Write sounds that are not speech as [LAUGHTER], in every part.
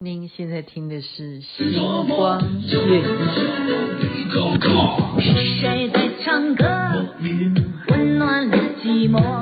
您現在聽的是《星光夜語》。誰在唱歌，溫暖了寂寞。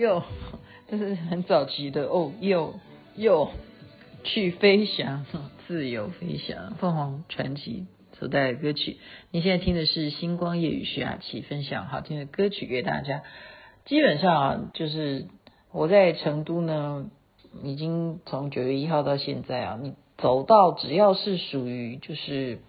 又，但是很早期的哦。又、oh, 又去飛翔，自由飛翔。鳳凰傳奇所帶的歌曲。你現在聽的是星光夜語徐雅琪分享好聽的歌曲給大家。基本上啊，就是我在成都呢，已經從九月一號到現在啊，你走到只要是屬於就是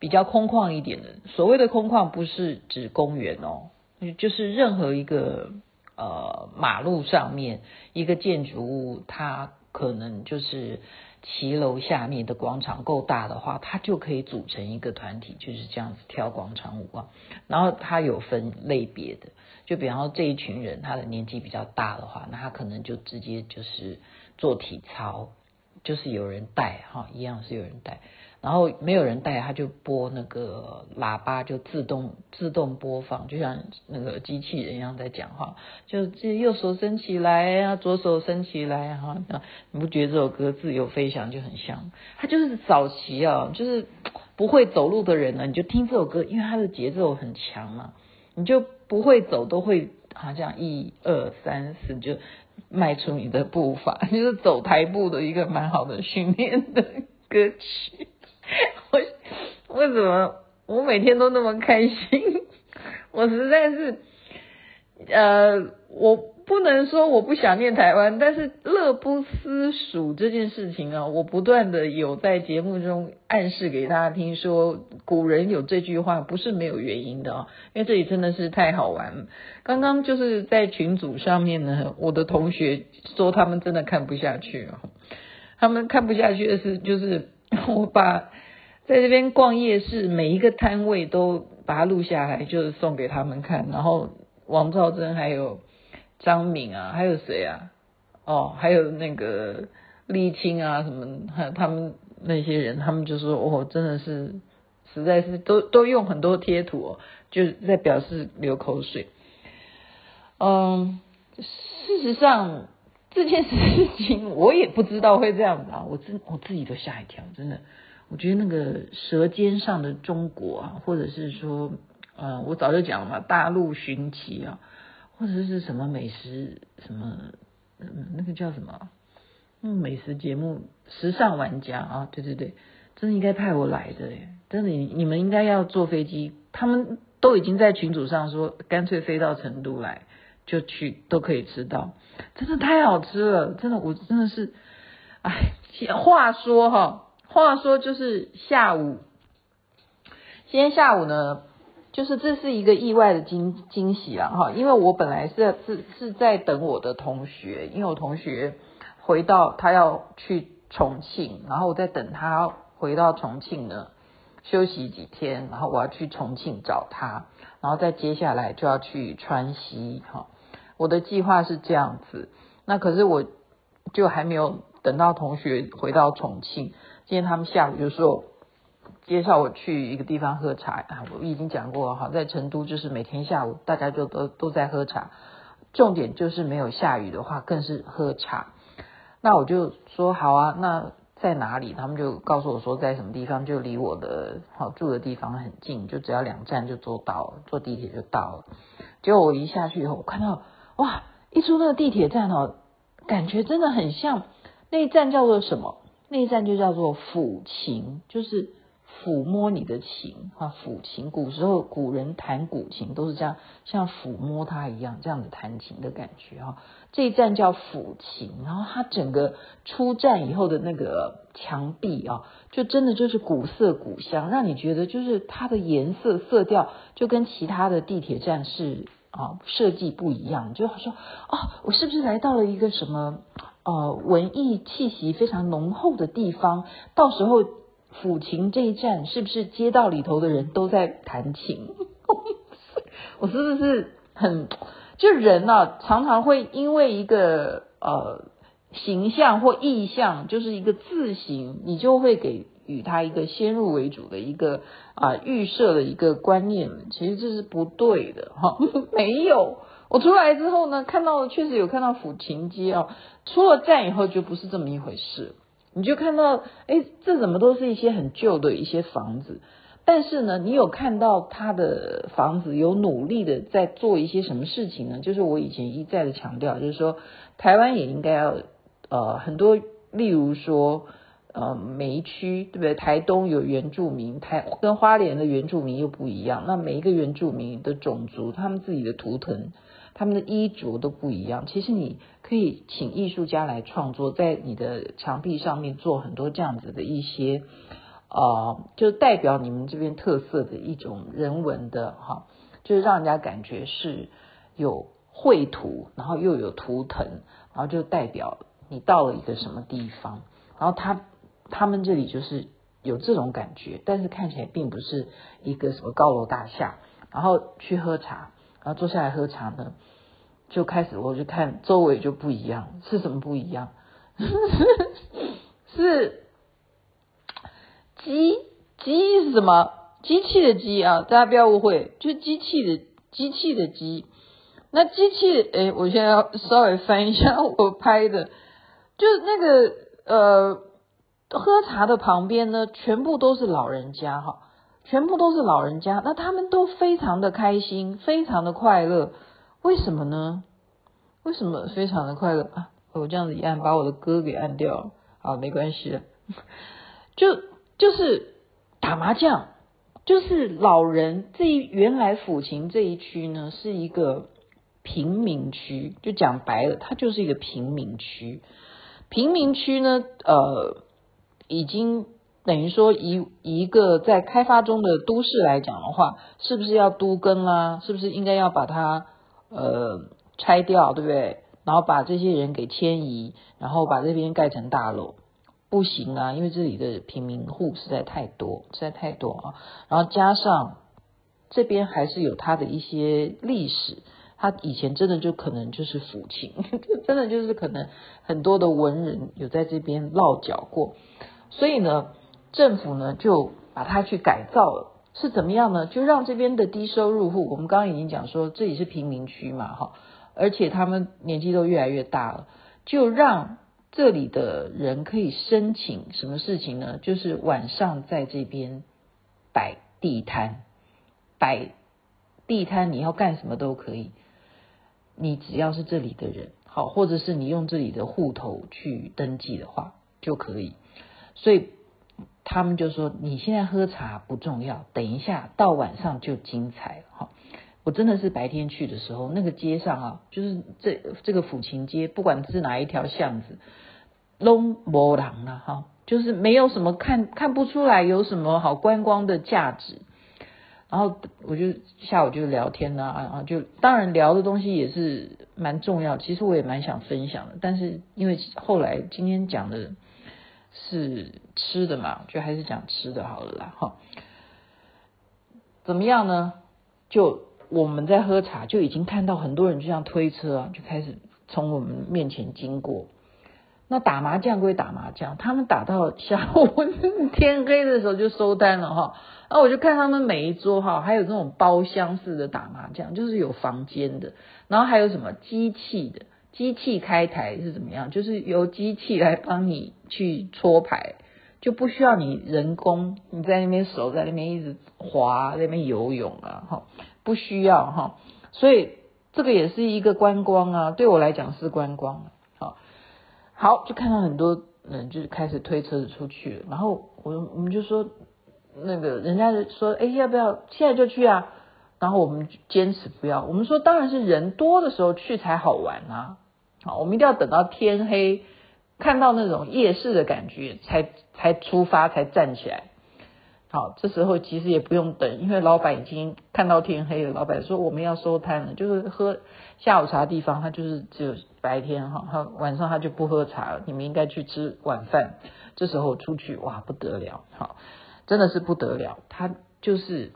比較空曠一點的，所謂的空曠不是指公園哦、喔，就是任何一個。呃，馬路上面一個建築物，它可能就是騎樓下面的廣場夠大的話，它就可以組成一個團體，就是這樣子跳廣場舞啊。然後它有分類別的，就比方說這一群人他的年紀比較大的話，那他可能就直接就是做體操，就是有人帶哈、哦，一樣是有人帶。然後沒有人帶，他就播那個喇叭，就自動自動播放，就像那個機器人一樣在講話。就自己右手升起來啊，左手升起來哈、啊，你不覺得這首歌《自由飛翔》就很像？他就是早期啊，就是不會走路的人呢、啊，你就聽這首歌，因為他的節奏很強嘛，你就不會走都會，好像一二三四就邁出你的步伐，就是走台步的一個蠻好的訓練的歌曲。為什麼我每天都那麼開心？我實在是，呃，我不能說我不想念台灣，但是樂不思蜀這件事情啊，我不斷地有在節目中暗示給大家聽，說古人有這句話不是沒有原因的啊、哦，因為這裡真的是太好玩。剛剛就是在群組上面呢，我的同學說他們真的看不下去啊、哦，他們看不下去的是就是我把。在這邊逛夜市，每一個攤位都把它錄下來，就是送給他們看。然後王兆貞還有張敏啊，還有誰啊？哦，還有那個立青啊，什麼？還有他們那些人，他們就說：“哦，真的是，實在是，都都用很多貼圖哦，就在表示流口水。”嗯，事實上這件事情我也不知道會這樣子啊，我真我自己都嚇一跳，真的。我覺得那個《舌尖上的中國》啊，或者是說，呃，我早就講了嘛，大陸尋奇啊，或者是什麼美食，什麼，嗯，那個叫什麼，嗯，美食節目《時尚玩家》啊，對對對，真的應該派我來的耶，真的，你，你們應該要坐飛機，他們都已經在群組上說，乾脆飛到成都來，就去都可以吃到，真的太好吃了，真的，我真的是，哎，話說哈、哦。話說，就是下午，今天下午呢，就是這是一個意外的驚驚喜了、啊、哈。因為我本來是是是在等我的同學，因為我同學回到他要去重慶，然後我在等他回到重慶呢，休息幾天，然後我要去重慶找他，然後再接下來就要去川西哈。我的計劃是這樣子，那可是我就還沒有等到同學回到重慶。今天他們下午就說，介紹我去一個地方喝茶啊，我已經講過了哈，在成都就是每天下午大家就都都在喝茶，重點就是沒有下雨的話，更是喝茶。那我就說好啊，那在哪裡？他們就告訴我說在什麼地方，就離我的好住的地方很近，就只要兩站就坐到，坐地鐵就到了。結果我一下去以後，我看到哇，一出那個地鐵站哦，感覺真的很像，那一站叫做什麼？那一站就叫做撫琴，就是撫摸你的琴哈、啊。撫琴，古時候古人彈古琴都是這樣，像撫摸它一樣，這樣的彈琴的感覺哈、啊。這一站叫撫琴，然後它整個出站以後的那個牆壁啊，就真的就是古色古香，讓你覺得就是它的顏色色調就跟其他的地鐵站是啊設計不一樣，就好像哦，我是不是來到了一個什麼？呃，文藝氣息非常濃厚的地方，到時候撫琴這一站，是不是街道裡頭的人都在彈琴？ [LAUGHS] 我是不是很就人呢、啊？常常會因為一個呃形象或意象，就是一個字形，你就會給予他一個先入為主的一個啊、呃、預設的一個觀念，其實這是不對的哈，沒有。我出來之後呢，看到確實有看到撫琴街啊、哦。出了站以後就不是這麼一回事，你就看到，哎，這怎麼都是一些很舊的一些房子。但是呢，你有看到他的房子有努力的在做一些什麼事情呢？就是我以前一再的強調，就是說台灣也應該要呃很多，例如說呃每一區對不對？台東有原住民，台跟花蓮的原住民又不一樣。那每一個原住民的種族，他們自己的圖騰。他們的衣着都不一樣，其實你可以請藝術家來創作，在你的牆壁上面做很多這樣子的一些，呃，就代表你們這邊特色的一種人文的哈、哦，就是讓人家感覺是有繪圖，然後又有圖騰，然後就代表你到了一個什麼地方，然後他他們這裡就是有這種感覺，但是看起來並不是一個什麼高樓大廈，然後去喝茶。然後坐下來喝茶呢，就開始我就看周圍就不一樣，是什麼不一樣？ [LAUGHS] 是機機是什麼？機器的機啊，大家不要誤會，就是機器的機器的機。那機器的，誒我現在要稍微翻一下我拍的，就是那個呃喝茶的旁邊呢，全部都是老人家哈、哦。全部都是老人家，那他們都非常的開心，非常的快樂，為什麼呢？為什麼非常的快樂啊？我這樣子一按，把我的歌給按掉了，啊，沒關係， [LAUGHS] 就就是打麻將，就是老人這一原來撫琴這一區呢，是一個平民區，就講白了，它就是一個平民區，平民區呢，呃，已經。等於說，以一個在開發中的都市來講的話，是不是要都更啦，啊？是不是應該要把它呃拆掉，對不對？然後把這些人給遷移，然後把這邊蓋成大樓，不行啊！因為這裡的平民戶實在太多，實在太多啊！然後加上這邊還是有它的一些歷史，它以前真的就可能就是撫琴，真的就是可能很多的文人有在這邊落腳過，所以呢。政府呢，就把它去改造了。是怎麼樣呢？就讓這邊的低收入戶，我們剛剛已經講說這裡是貧民區嘛，哈，而且他們年紀都越來越大了，就讓這裡的人可以申請什麼事情呢？就是晚上在這邊擺地攤，擺地攤你要幹什麼都可以，你只要是這裡的人，好，或者是你用這裡的戶頭去登記的話就可以，所以。他們就說：“你現在喝茶不重要，等一下到晚上就精彩了。”我真的是白天去的時候，那個街上啊，就是這這個撫琴街，不管是哪一條巷子，攏無人了哈，就是沒有什麼看，看不出來有什麼好觀光的價值。然後我就下午就聊天啊，啊就當然聊的東西也是蠻重要，其實我也蠻想分享的，但是因為後來今天講的是。吃的嘛，就還是講吃的好了啦，哈、哦，怎麼樣呢？就我們在喝茶，就已經看到很多人，就像推車啊，就開始從我們面前經過。那打麻將歸打麻將，他們打到下午天黑的時候就收單了哈、哦。然後我就看他們每一桌哈、哦，還有這種包廂式的打麻將，就是有房間的。然後還有什麼機器的，機器開台是怎麼樣？就是由機器來幫你去搓牌。就不需要你人工，你在那邊手在那邊一直滑，在那邊游泳啊。哈，不需要哈，所以這個也是一個觀光啊，對我來講是觀光，好，好，就看到很多人就開始推車子出去，然後我我們就說，那個人家說，哎，要不要現在就去啊？然後我們堅持不要，我們說當然是人多的時候去才好玩啊，好，我們一定要等到天黑。看到那種夜市的感覺，才才出發，才站起來。好，這時候其實也不用等，因為老闆已經看到天黑了。老闆說我們要收攤了，就是喝下午茶的地方，他就是只有白天哈，他晚上他就不喝茶了。你們應該去吃晚飯。這時候出去哇，不得了，好，真的是不得了。他就是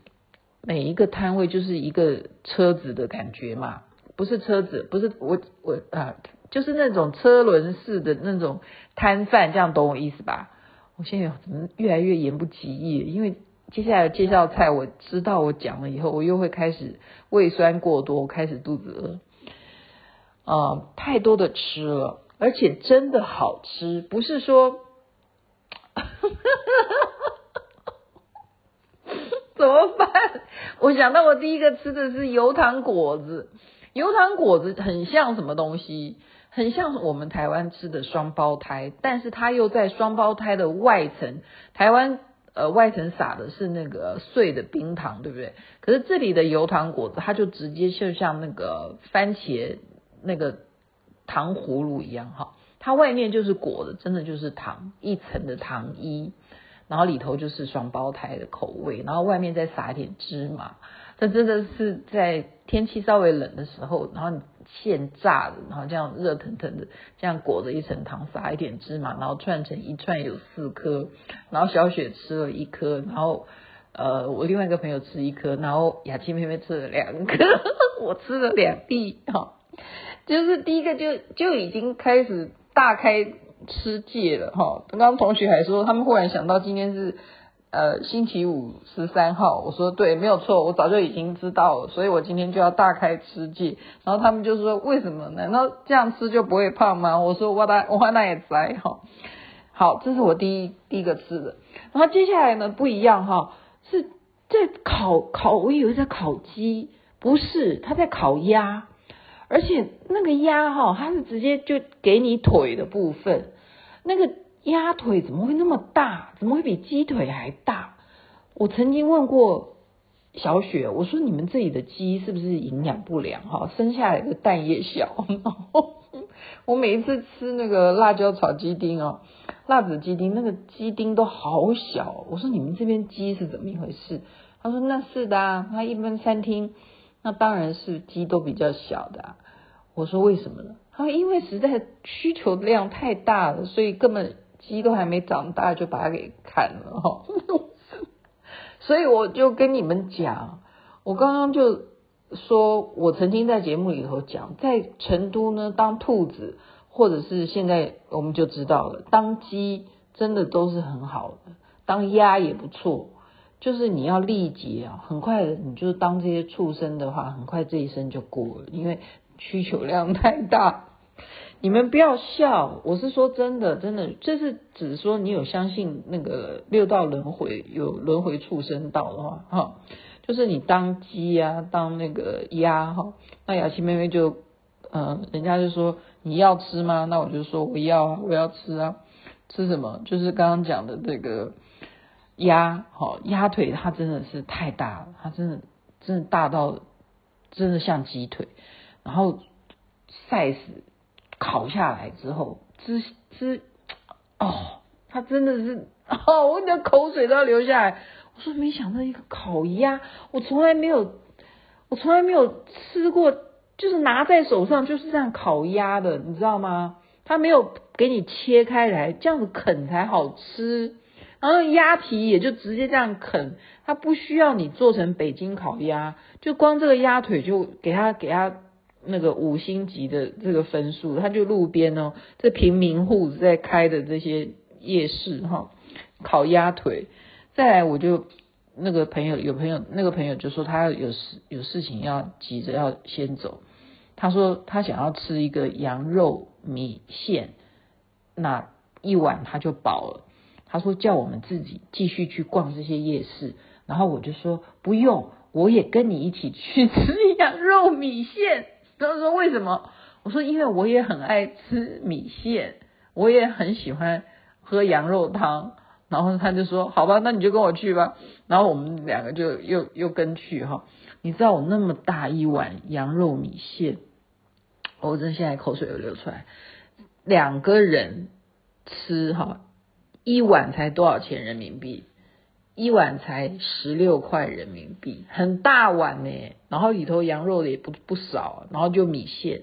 每一個攤位就是一個車子的感覺嘛，不是車子，不是我我啊。呃就是那種車輪式的那種攤販，這樣懂我意思吧？我現在有怎麼越來越言不及義？因為接下來介紹菜，我知道我講了以後，我又會開始胃酸過多，開始肚子餓，呃，太多的吃了，而且真的好吃，不是說， [LAUGHS] 怎麼辦？我想到我第一個吃的是油糖果子，油糖果子很像什麼東西？很像我們台灣吃的雙胞胎，但是它又在雙胞胎的外層，台灣呃外層撒的是那個碎的冰糖，對不對？可是這裡的油糖果子，它就直接就像那個番茄那個糖葫蘆一樣哈，它外面就是裹的，真的就是糖一層的糖衣，然後裡頭就是雙胞胎的口味，然後外面再撒一點芝麻。這真的是在天氣稍微冷的時候，然後你現炸的，然後這樣熱騰騰的，這樣裹着一層糖，撒一點芝麻，然後串成一串有四顆，然後小雪吃了一顆，然後呃我另外一個朋友吃一顆，然後雅琪妹妹吃了兩顆 [LAUGHS] 我吃了兩粒哈，就是第一個就就已經開始大開吃戒了哈，剛、哦、剛同學還說他們忽然想到今天是。呃，星期五，十三號，我說對，沒有錯，我早就已經知道了，所以我今天就要大開吃戒。然後他們就說：“為什麼呢？難道這樣吃就不會胖嗎？”我說：“哇那，哇那也哉哈。”好，這是我第一第一個吃的。然後接下來呢不一樣哈、哦，是在烤烤，我以為在烤雞，不是，它在烤鴨，而且那個鴨哈、哦，它是直接就給你腿的部分，那個。鴨腿怎麼會那麼大？怎麼會比雞腿還大？我曾經問過小雪，我說：“你們這裡的雞是不是營養不良？哈、哦，生下來的蛋也小。”我每一次吃那個辣椒炒雞丁哦，辣子雞丁那個雞丁都好小。我說：“你們這邊雞是怎麼一回事？”他說：“那是的啊，他一般餐廳那當然是雞都比較小的啊。”我說：“為什麼呢？”他說：“因為實在需求量太大了，所以根本。”雞都還沒長大就把它給砍了哈、喔， [LAUGHS] 所以我就跟你們講，我剛剛就說，我曾經在節目裡頭講，在成都呢當兔子，或者是現在我們就知道了，當雞真的都是很好的，當鴨也不錯，就是你要力竭啊，很快你就當這些畜生的話，很快這一生就過了，因為需求量太大。你們不要笑，我是說真的，真的，這、就是只是說你有相信那個六道輪回有輪回畜生道的話，哈、哦，就是你當雞啊，當那個鴨哈、哦，那雅琪妹妹就，嗯、呃、人家就說你要吃嗎？那我就說我要，我要吃啊，吃什麼？就是剛剛講的這個鴨，好、哦，鴨腿它真的是太大了，它真的真的大到真的像雞腿，然後曬死。烤下來之後，吃吃，哦，他真的是，哦，我的口水都要流下來。我說沒想到一個烤鴨，我從來沒有，我從來沒有吃過，就是拿在手上就是這樣烤鴨的，你知道嗎？他沒有給你切開來，這樣子啃才好吃。然後鴨皮也就直接這樣啃，它不需要你做成北京烤鴨，就光這個鴨腿就給他給他。那個五星級的這個分數，他就路邊哦，這平民戶在開的這些夜市哈、哦，烤鴨腿。再來我就那個朋友有朋友那個朋友就說他有事有事情要急着要先走，他說他想要吃一個羊肉米線，那一碗他就飽了。他說叫我們自己繼續去逛這些夜市，然後我就說不用，我也跟你一起去吃羊肉米線。他說：“為什麼？”我說：“因為我也很愛吃米線，我也很喜歡喝羊肉湯。”然後他就說：“好吧，那你就跟我去吧。”然後我們兩個就又又跟去哈、哦。你知道我那麼大一碗羊肉米線，我真的現在口水都流出來。兩個人吃哈，一碗才多少錢人民幣？一碗才十六塊人民幣，很大碗呢，然後裡頭羊肉也不不少，然後就米線，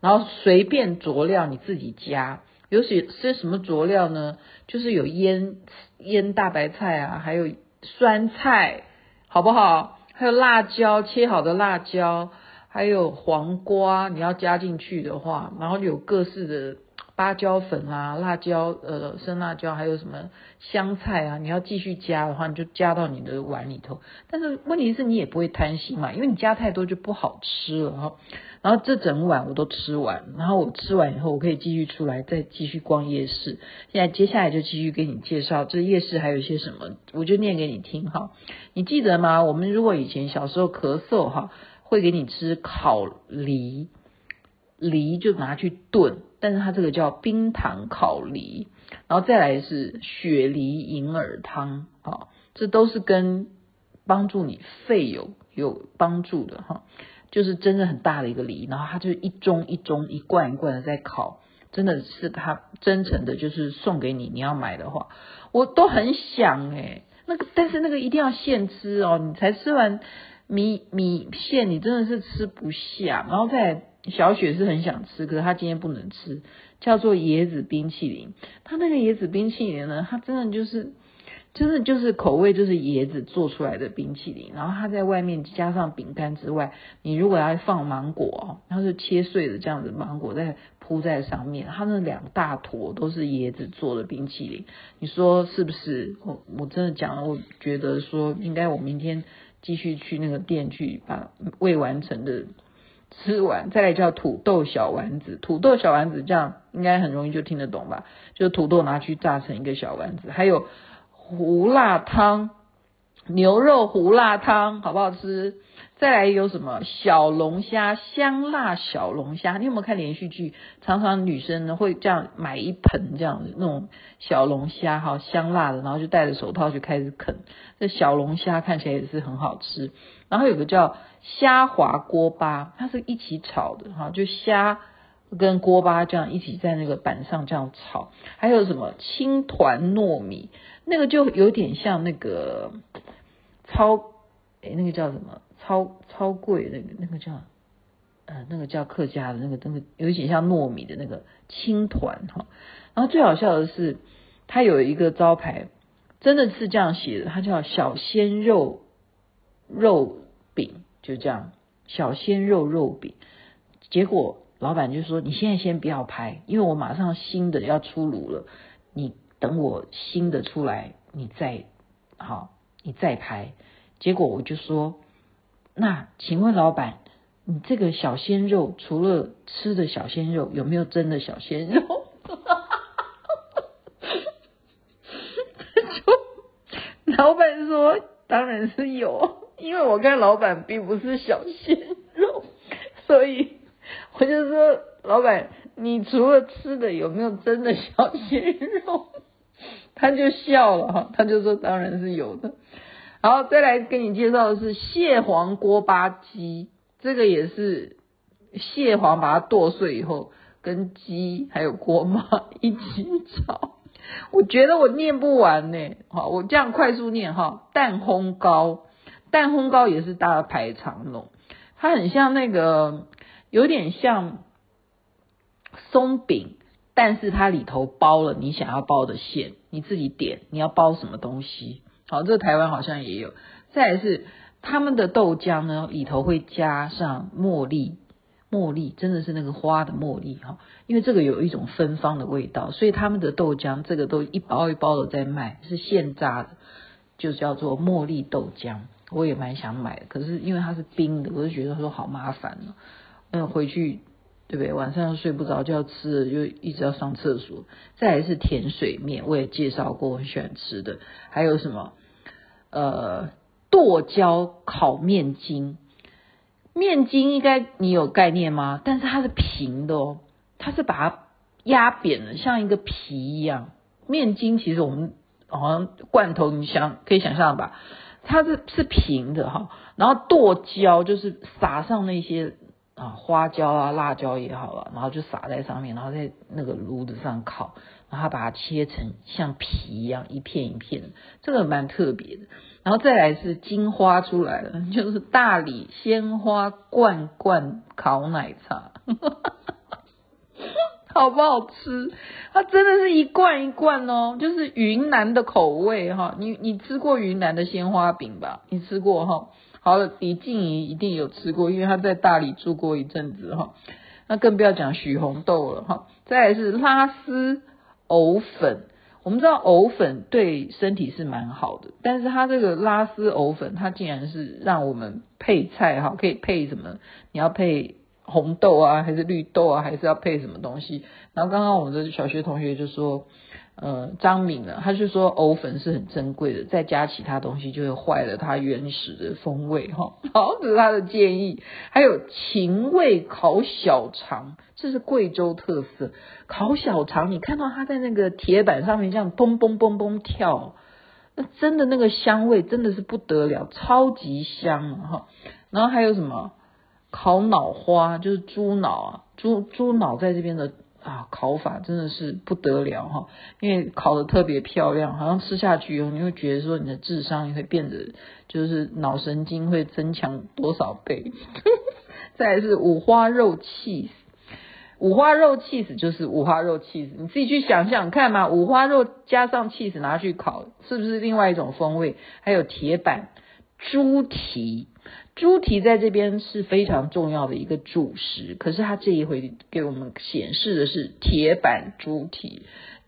然後隨便佐料你自己加，尤其是些什麼佐料呢？就是有醃醃大白菜啊，還有酸菜，好不好？還有辣椒，切好的辣椒，還有黃瓜，你要加進去的話，然後有各式的。花椒粉啊、辣椒，呃，生辣椒，還有什麼香菜啊？你要繼續加的話，你就加到你的碗裡頭。但是問題是你也不會貪心嘛，因為你加太多就不好吃了哈、哦。然後這整碗我都吃完，然後我吃完以後，我可以繼續出來再繼續逛夜市。現在接下來就繼續給你介紹這夜市還有一些什麼，我就念給你聽哈、哦。你記得嗎？我們如果以前小時候咳嗽哈、哦，會給你吃烤梨，梨就拿去燉。但是它這個叫冰糖烤梨，然後再來是雪梨銀耳湯啊、哦，這都是跟幫助你肺有有幫助的哈、哦，就是真的很大的一個梨，然後它就一盅一盅、一罐一罐的在烤，真的是它，真誠的，就是送給你。你要買的話，我都很想哎、欸，那個但是那個一定要現吃哦，你才吃完米米線，你真的是吃不下，然後再。小雪是很想吃，可是他今天不能吃，叫做椰子冰淇淋。他那個椰子冰淇淋呢，他真的就是，真的就是口味就是椰子做出來的冰淇淋。然後他在外面加上餅乾之外，你如果要放芒果哦，他是切碎的這樣子芒果再鋪在上面，他那兩大坨都是椰子做的冰淇淋。你說是不是？我我真的講了，我覺得說應該我明天繼續去那個店去把未完成的。吃完再來叫土豆小丸子，土豆小丸子這樣應該很容易就聽得懂吧？就土豆拿去炸成一個小丸子，還有胡辣湯，牛肉胡辣湯，好不好吃？再來有什麼小龍蝦香辣小龍蝦？你有沒有看連續劇？常常女生呢會這樣買一盆這樣子那種小龍蝦哈，香辣的，然後就戴着手套就開始啃。這小龍蝦看起來也是很好吃。然後有個叫蝦滑鍋巴，它是一起炒的哈，就蝦跟鍋巴這樣一起在那個板上這樣炒。還有什麼青團糯米？那個就有點像那個超哎、欸、那個叫什麼？超超貴那個那個叫呃，那個叫客家的那個那個有一點像糯米的那個青團哈，然後最好笑的是它有一個招牌真的是這樣寫的，它叫小鮮肉肉餅，就這樣小鮮肉肉餅。結果老板就說，你現在先不要拍，因為我馬上新的要出爐了，你等我新的出來你再好你再拍。結果我就說。那請問老闆，你這個小鮮肉除了吃的小鮮肉，有沒有真的小鮮肉？他 [LAUGHS] 就老闆說當然是有。因為我看老闆並不是小鮮肉，所以我就說老闆，你除了吃的有沒有真的小鮮肉？他就笑了哈，他就說當然是有的。好，再來給你介紹的是蟹黃鍋巴雞，這個也是蟹黃把它剁碎以後，跟雞還有鍋巴一起炒。我覺得我念不完呢，好，我這樣快速念哈。蛋烘糕，蛋烘糕也是大排長龍，它很像那個，有點像鬆餅，但是它裡頭包了你想要包的餡，你自己點，你要包什麼東西。好，這個、台灣好像也有。再來是他們的豆漿呢，裡頭會加上茉莉，茉莉真的是那個花的茉莉哈，因為這個有一種芬芳的味道，所以他們的豆漿這個都一包一包的在賣，是現榨的，就叫做茉莉豆漿。我也蠻想買的，可是因為它是冰的，我就覺得說好麻煩了，嗯，回去。對不對？晚上睡不着，就要吃了，就一直要上廁所。再來是甜水麵，我也介紹過，我很喜歡吃的。還有什麼？呃，剁椒烤麵筋。麵筋應該你有概念嗎？但是它是平的哦，它是把它壓扁了，像一個皮一樣。麵筋其實我們好像罐頭，你想可以想象吧？它是是平的哈、哦，然後剁椒就是撒上那些。啊、花椒啊，辣椒也好了、啊，然後就撒在上面，然後在那個爐子上烤，然後把它切成像皮一樣一片一片，這個蠻特別的。然後再來是金花出來了，就是大理鮮花罐罐烤奶茶， [LAUGHS] 好不好吃？它真的是一罐一罐哦，就是雲南的口味哈、哦。你你吃過雲南的鮮花餅吧？你吃過哈、哦？好了，李靜怡一定有吃過，因為她在大理住過一陣子哈。那更不要講許紅豆了哈。再來是拉絲藕粉，我們知道藕粉對身體是蠻好的，但是它這個拉絲藕粉，它竟然是讓我們配菜哈，可以配什麼？你要配紅豆啊，還是綠豆啊，還是要配什麼東西？然後剛剛我們的小學同學就說。呃、嗯，張敏呢，他就說藕粉是很珍貴的，再加其他東西就會壞了它原始的風味哈。好、哦、這是他的建議，還有黔味烤小腸，這是貴州特色，烤小腸，你看到它在那個鐵板上面這樣蹦蹦蹦蹦跳，那真的那個香味真的是不得了，超級香哈、哦。然後還有什麼烤腦花，就是豬腦啊，豬豬腦在這邊的。啊，烤法真的是不得了哈，因為烤得特別漂亮，好像吃下去以後，你會覺得說你的智商也會變得，就是腦神經會增強多少倍。 [LAUGHS] 再來是五花肉 cheese，五花肉 cheese 就是五花肉 cheese，你自己去想想看嘛，五花肉加上 cheese 拿去烤，是不是另外一種風味？還有鐵板。豬蹄，豬蹄在這邊是非常重要的一個主食。可是它這一回給我們顯示的是鐵板豬蹄，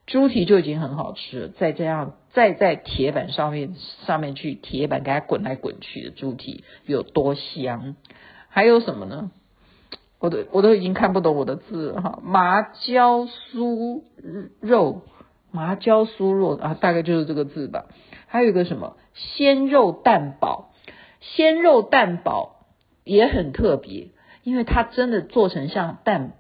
豬蹄就已經很好吃了，再這樣再在鐵板上面上面去鐵板給它滾來滾去的豬蹄有多香？還有什麼呢？我都我都已經看不懂我的字了哈，麻椒酥肉，麻椒酥肉啊，大概就是這個字吧。還有一個什麼鮮肉蛋堡，鮮肉蛋堡也很特別，因為它真的做成像蛋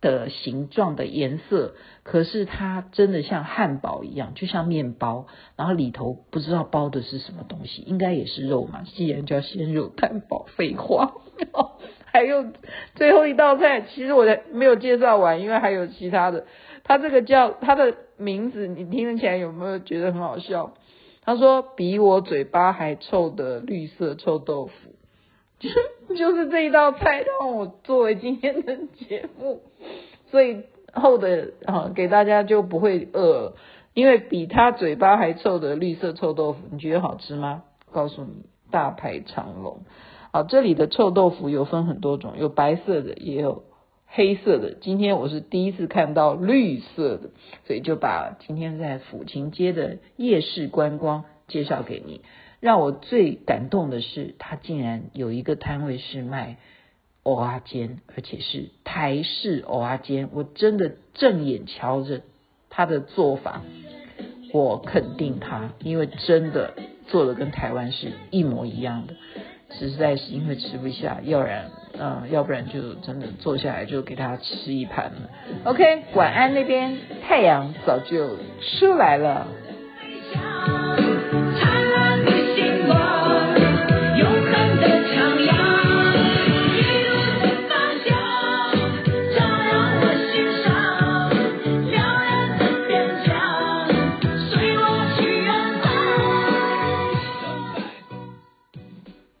的形狀的顏色，可是它真的像漢堡一樣，就像麵包，然後裡頭不知道包的是什麼東西，應該也是肉嘛，既然叫鮮肉蛋堡，廢話。 [LAUGHS] 還有最後一道菜，其實我還沒有介紹完，因為還有其他的，它這個叫它的。名字，你聽得起來有沒有覺得很好笑？他說比我嘴巴還臭的綠色臭豆腐，就、就是這一道菜讓我作為今天的節目所以後的啊、哦、給大家就不會餓，因為比他嘴巴還臭的綠色臭豆腐，你覺得好吃嗎？告訴你，大排長龍啊、哦，這裡的臭豆腐有分很多種，有白色的也有。黑色的，今天我是第一次看到綠色的，所以就把今天在撫琴街的夜市觀光介紹給你。讓我最感動的是，他竟然有一個攤位是賣蚵仔煎，而且是台式蚵仔煎。我真的正眼瞧着他的做法，我肯定他，因為真的做得跟台灣是一模一樣的。實在是因為吃不下，要不然。嗯、呃，要不然，就真的坐下來就給他吃一盤了。OK，晚安那邊，太陽早就出來了。